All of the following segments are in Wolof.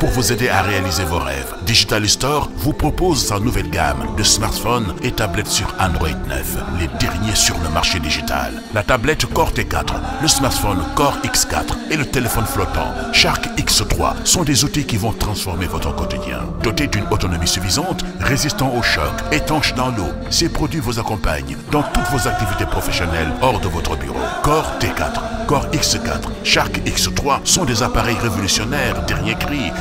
pour vous aider à réaliser vos rêves. Digital Store vous propose sa nouvelle gamme de smartphones et tablettes sur Android 9, les derniers sur le marché digital. La tablette Core t le smartphone Core x et le téléphone flottant Shark x sont des outils qui vont transformer votre quotidien. Dotés d'une autonomie suffisante, résistants aux chocs, étanches dans l'eau, ces produits vous accompagnent dans toutes vos activités professionnelles hors de votre bureau.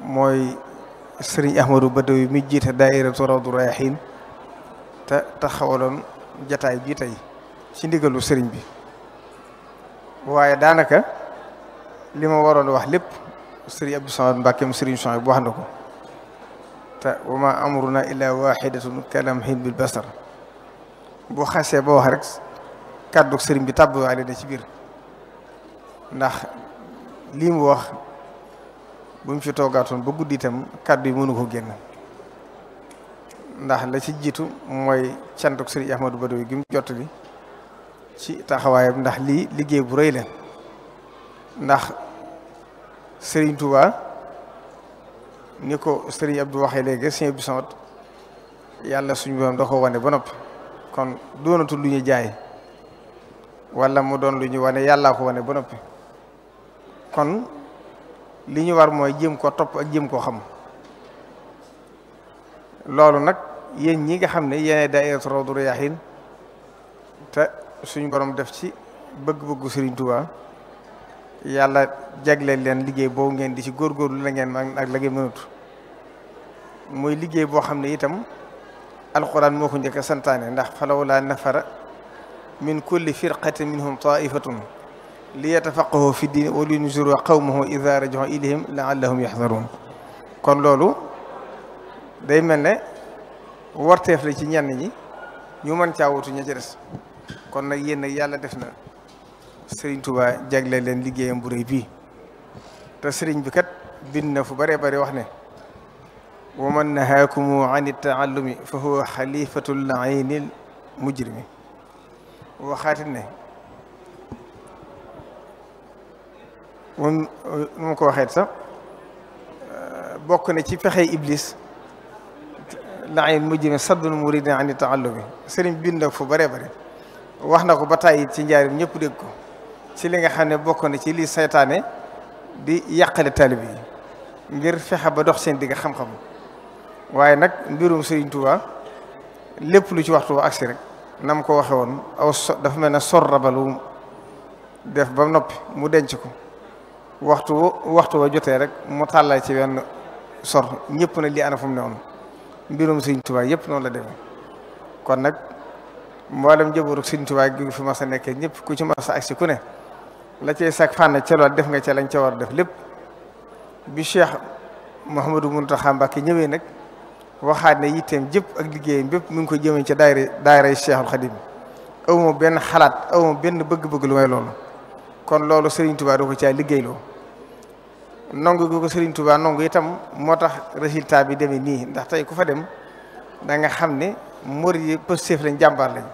mooy sëriñ ahmadou badawi mi jiite daayiratu rawdu rayaxiin te taxawaloon jataay bii tey ci ndigalu sëriñ bi waaye daanaka li ma waroon wax lépp sëriñ abdou samad mbàkke mu sëriñ Sohaybu wax na ko te wa ma amruna illa waxidatun kalamhin bil basar bu xasee ba wax rek kàddu sëriñ bi tàbbaale na ci biir ndax lii mu wax bu mu fi toogaatoon ba guddi itam kàddu yi mënu ko génn ndax la ci jiitu mooy cantuk sëriñ Ahmadou Badoy gi mu jottali ci taxawaayam ndax lii liggéey bu rëy la ndax sëriñ Touba ni ko sëriñ Abdou waxee léegi si Abdou Samad yàlla suñu borom da ko wane ba noppi kon doonatu lu ñu jaay wala mu doon lu ñu wane yàllaa ko wane ba noppi kon li ñu war mooy jéem koo topp ak jéem koo xam loolu nag yéen ñi nga xam ne yéenay daayiratu Rawdu Rayaahiin te suñu borom def ci bëgg-bëggu Serigne yàlla jagleel leen liggéey boobu ngeen di ci góor góorlu la ngeen ak la ngeen mënut muy liggéey boo xam ne itam alxuraan moo ko njëkk a santaane ndax falawlaa nafara min kulli firqatin minhum taifatun li yatafaqahu fi diin wa li yunziru qawmahu ida rajahu ilayhim laallahum yaxdaruun kon loolu day mel ne warteef la ci ñenn ñi ñu mën caa wutu ña ci des kon nag yéen yàlla def na sëriñ Touba jagle leen liggéeyam bu rëy bii te sëriñ bi kat bind na fu bëree bëri wax ne wa man nahaakumu an taallumi fa huwa xalifatul laayni mujrimi waxaati ne moom nu ma ko waxeet sax euh, bokk na ci pexe iblis laay mujj mi saddul muridin ani taallumi sëriñ bind na fu bare bare wax na ko ba tàyyi ci njaarim ñëpp dégg ko ci li nga xam ne bokk na ci lii seytaane di yàqale taalibe yi ngir fexe ba dox seen digg xam-xam waaye nag mbirum Sëriñ Tuubaa lépp lu ci waxtu agsi rek na mu ko waxe woon aw so dafa mel ne sorrabalu def ba noppi mu denc ko waxtu waxtu wa jotee rek mu tàllal ci wenn sor ñëpp na lii ana fu mu ne woon mbirum sëñ Tuubaa yëpp noonu la demee kon nag mboolem jëbooru sëñ Tuubaa gi fi mas nekkee ñëpp ku ci mas a agsi ku ne la cay sag fànn def nga ca lañ ca war def lépp bi Cheikh Mouhamadou Mountakha Mbacké ñëwee nag waxaat ne yitteem jëpp ak liggéeyam bépp mu ngi ko jëmee ca daayira daayira Cheikhul Khadim awma benn xalaat awma benn bëgg-bëgg lu may loolu kon loolu Sëriñ Tuubaa doo ko caa liggéeyloo nangu gi sëriñ Serigne Touba nangu itam moo tax résultat bi demee nii ndax tey ku fa dem da nga xam ne mor yi positif lañ jàmbaar lañ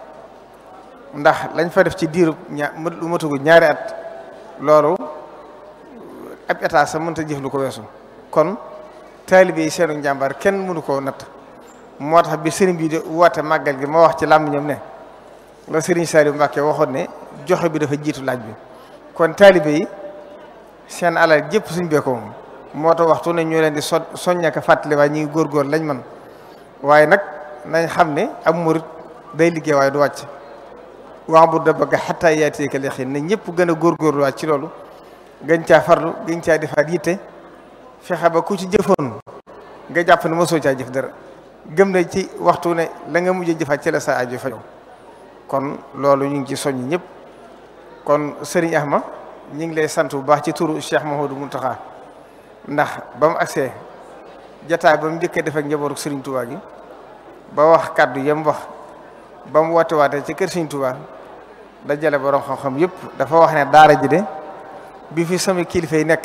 ndax lañ fa def ci diirub ña lu matugu ñaari at loolu ab état sa mënta jëf lu ko weesu kon taalibe yi seenu njàmbaar kenn mënu koo natt moo tax bi sëriñ bi di woote màggal gi ma wax ci làmmiñam ne la sëriñ Saliou Mbacke waxoon ne joxe bi dafa jiitu laaj bi kon taalibe yi seen alal jëpp suñ beekoo moo tax waxtu ne ñu leen di so soññaka fàttali waaye ñu ngi góorgóor lañ man waaye nag nañ xam ne ab murit day liggéey waaye du wàcc wax bu da bëgg xattaa yaatiyeka leqin ne ñëpp gën a góorgóorlu wàcc ci loolu gën caa farlu gën caa defaat yitte fexe ba ku ci jëfoon nga jàpp ne mosoo caa jëf dara gëm na ci waxtu ne la nga mujj jëfaat ci sa aju fajo kon loolu ñu ngi ci soññ ñëpp kon sëriñ Ahma ñu ngi lay sant bu baax ci turu Cheikh Mouhamadou taxa ndax ba mu agsee jataa ba mu njëkkee def ak njabootu Serigne gi ba wax kàddu yam wax ba mu woote waatee ci kër Serigne Touba dajale borom xam-xam yëpp dafa wax ne daara ji de bi fi sama kilifa yi nekk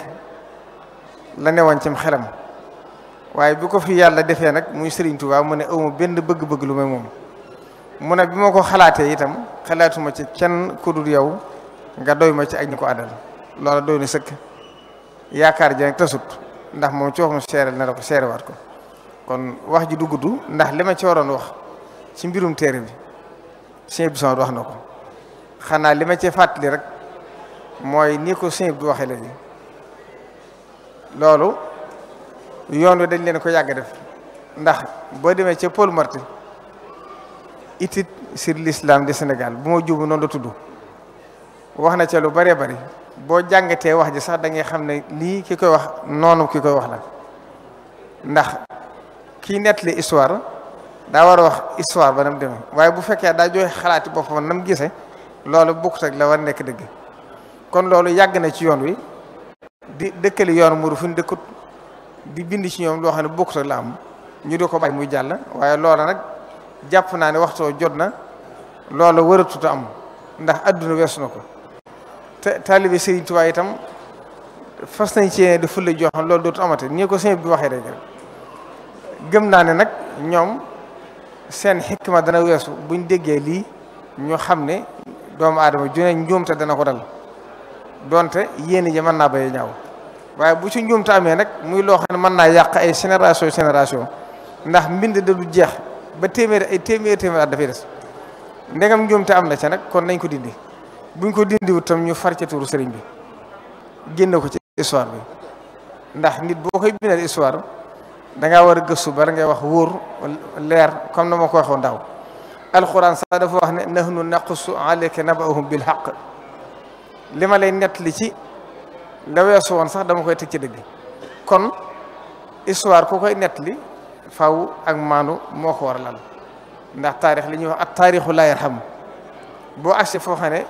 la newoon cim xelam waaye bi ko fi yàlla defee nag muy sëriñ Touba mu ne awma benn bëgg-bëgg lu may moom mu ne bi ma ko xalaatee itam xalaatuma ci kenn ku dul yow. nga doy ma ci ak ñu ko àndal loola doy na sëkk yaakaar ji tasut ndax moom ci waxum seeral na la ko seerewaat ko kon wax ji du gudd ndax li ma ci waroon wax ci mbirum téere bi sëñ bi wax na ko xanaa li ma cee fàttali rek mooy ni ko sëñ bi waxee léegi loolu yoon wi dañ leen ko yàgg def ndax boo demee ca Paul Marty étude sur l'islam de Sénégal bu ma jubu noonu la tudd wax na ca lu bëree bëri boo jàngatee wax ji sax dangay xam ne nii ki koy wax noonu ki koy wax la ndax kii nettali histoire daa war a wax histoire ba nam demee waaye bu fekkee daa joxe xalaati boppam nam gise loolu bokkut ak la war nekk dëgg kon loolu yàgg na ci yoon wi di dëkkali yoon muru fu dëkkut di bind ci ñoom loo xam ne bokkut ak la am ñu di ko bàyyi muy jàll waaye loolu nag jàpp naa ne waxtoo jot na loolu waratuta am ndax àdduna weesu na ko taalibe Serigne Touba itam fas nañ ci yéene di fulla joo xam loolu dootu amate nii ko sëñ bi waxee rek naa ne nag ñoom seen xikma dana weesu buñ déggee lii ñu xam ne doomu aadama junee njuumte dana ko dal donte yéene ji mën naa bay ñaaw waaye bu ci njuumte amee nag muy loo xam ne mën naa yàq ay sénération génération ndax mbind da du jeex ba téeméer ay téeméeri téeméeri at dafay des ndegam njuumte am na ca nag kon nañ ko dindi buñ ko dindiwut tam ñu far ca turu sëriñ bi génne ko ci histoire bi ndax nit boo koy bindal histoire dangaa war a gëstu bala ngay wax wóor leer comme na ma ko waxoon daaw alxuraan sax dafa wax ne na naqussu alayka naba'ahum bil haqq li ma lay nett li ci la weesu woon sax dama koy teg ci dëgg kon histoire ku koy nett li faw ak maandu moo ko war a lal ndax taarix li ñuy wax ak taarixu laa yarham boo agsi foo xam ne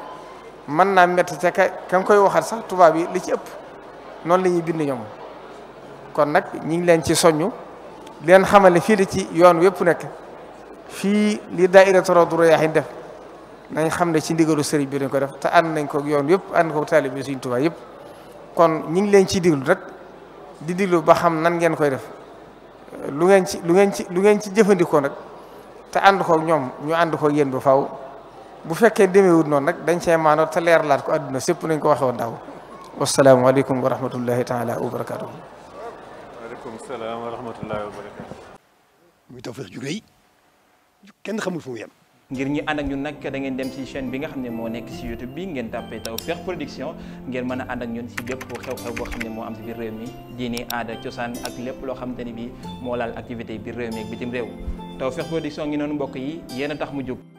mën naa métti te ka ka koy waxal sax tubaab yi li ci ëpp noonu la ñuy bind ñoom kon nag ñi ngi leen ci soññu leen xamal xamale fii la ci yoon wépp nekk fii li daairatu Rawdu Rayaahiin def nañ xam ne ci ndigalu sëriñ bi dañ ko def te ànd nañ ko yoon yëpp ànd ko taalib yi suñ tubaab yëpp kon ñi ngi leen ci diglu rek di diglu ba xam nan ngeen koy def lu ngeen ci lu ngeen ci lu ngeen ci jëfandikoo nag te ànd kook ñoom ñu ànd koog yéen bu faw bu fekkee demeewut noonu nag dañ see maanoo te leeralaat ko àdduna sépp nañ ko waxee woon daaw wasalaamualeykum wa rahmatullahi taala wa barakatuh waaleykum salaam wa rahmatullahi wa barakatuh muy Tawfekh ju rëy kenn xamul fu mu ngir ñu ànd ñun nag da ngeen dem ci chaine bi nga xam ne moo nekk ci YouTube bi ngeen tàppee Tawfekh Production ngeen mën a àndak ak ñun ci bépp xew-xew boo xam ne moo am ci biir réew mi diini aada cosaan ak lépp loo xamante ni bi moo laal activité biir réew mi ak bitim réew Tawfekh Production ngi noonu mbokk yi yéen a tax mu